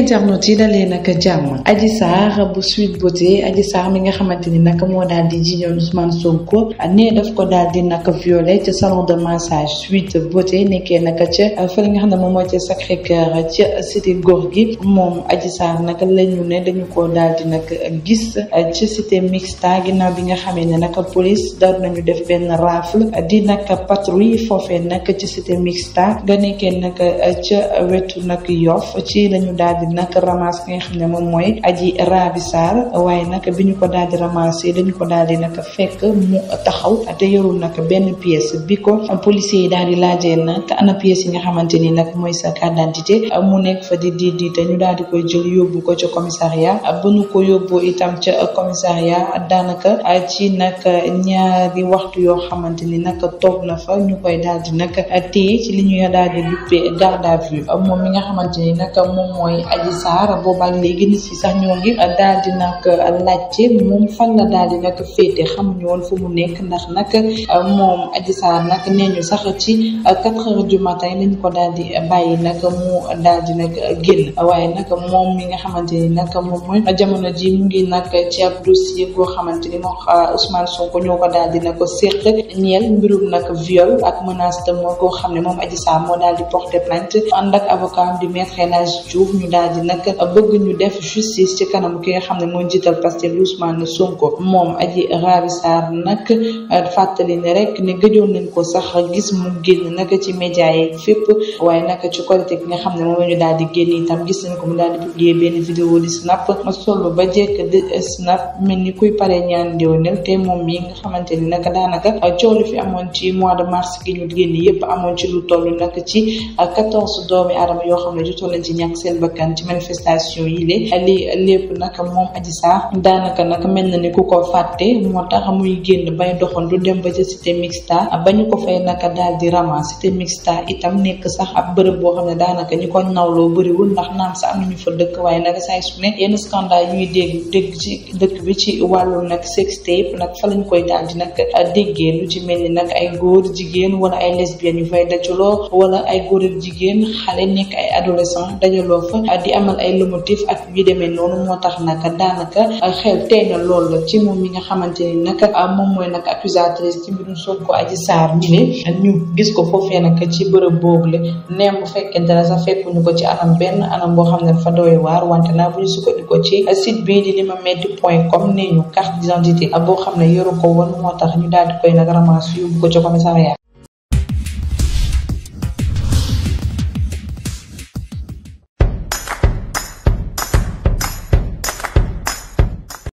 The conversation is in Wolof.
internet yi dalee nag jàmm aji Sarr bu Sweet Beauté Adji Sarr mi nga xamante ni nag moo daal di jiñoon Ousmane Sonko nee daf ko daal di nag violé ca salon de massage Sweet Beauté nekkee nag ca fële nga xam ne moom mooy ca Sacré Cœur ca cité góor gi moom Adji Sarr nag la ñu ne dañu ko daal di nag gis ca cité mixta ginnaaw bi nga xamee ne nag police daal nañu def benn rafle di nag patrouille foofee nag ci cité mixta nga nekkee nag ca wetu nag Yoff ci lañu daal di nag ramasse xam ne moom mooy aji Rabi Sarr waaye nag bi ñu ko daal di ramasse dañu ko daal di nag fekk mu taxaw te yorul nag benn pièce bi ko policiers yi daal di laajee nag ana yi nga xamante ni nag mooy sa carte d'identité mu nekk fa di di di daal di koy jël yóbbu ko ca commissariat ba ñu ko yóbbu itam ca commissariat daanaka ci nag ñaari waxtu yoo xamante ni nag toog na fa ñu koy daal di nag téye ci li ñuy daal di duppee garde à vue moom mi nga xamante ni nag moom mooy Adji Sarr boobaak léegi nit yi sax ñoo ngi daal di nag euh, laajte moom fan la daal di nag féete xam woon fu mu nekk ndax nag euh, moom Adji Sarr nag nee ñu sax ci euh, quatre heures du matin lañ ko daal di bàyyi nag mu daal di nag génn waaye nag moom mi nga xamante ni nag moom mooy jamono ji mu nag ci ab dossier goo xamante ni moom Ousmane Sonko ñoo ko daal di nag séq ñeel mbirum nag viol ak menace de mort goo xam ne moom Adji Sarr daal di porter plainte ànd ak avocat ñu daal daal di nag bëgg ñu def justice ci kanam ki nga xam ne mooy njiital Pastef Ousmane Sonko moom Adji Raby Sarr nag euh, fàttali ne rek ne gëjoon nañ ko sax gis mu génn nag ci média yi fépp waaye nag ci qualité bi nga xam ne moom ñu daal di génn itam gis nañ ko mu daal di publier benn vidéo di snap ba jekk di snap mel ni kuy pare ñaan déwénal te moom mi nga xamante ni nag daanaka euh, coow li fi amoon ci mois de mars gi ñu génn yëpp amoon ci lu toll nag ci euh, quatorze doomi aadama yoo xam ne jotoon nañ ci ñàkk seen bakkan ci manifestation yi lé lii lépp nag moom Adji Sarr daanaka nag mel na ni ku ko fàtte moo tax muy génn bay du dem ba ca cité mixta ba ñu ko fay daal di rama cité mixta itam nekk sax ab bërëb boo xam ne daanaka ñi ko nawloo bëriwul ndax naam sax am ñu fa dëkk waaye nag saay su ne yenn scandale ñuy dégg dégg ci dëkk bi ci wàllu nag sex tape nag fa lañ koy daal di nag déggee lu ci mel ni nag ay góor jigéen wala ay lesbiennes yu fay dajaloo wala ay góor ak jigéen xale nekk ay adolescent dajaloo fa di amal ay lomotif ak yu demee noonu moo tax nag daanaka euh, xel tey na lool ci moom mi nga xamante ni nag euh, moom mooy nag accusatrice ci mbirum Sonko Adji Sarr mi ne ñu gis ko foofee nag ci bërëb boobule neem bu fekkente ne sax fekkuñu ko ci anam benn anam boo xam ne dafa doy waar wante naa bu ñu sukkandikoo ci site bii di limametti point com ne ñu carte d'identité boo xam ne yoru ko woon moo tax ñu daal di koy nag ramas yóbbu ko ci yaa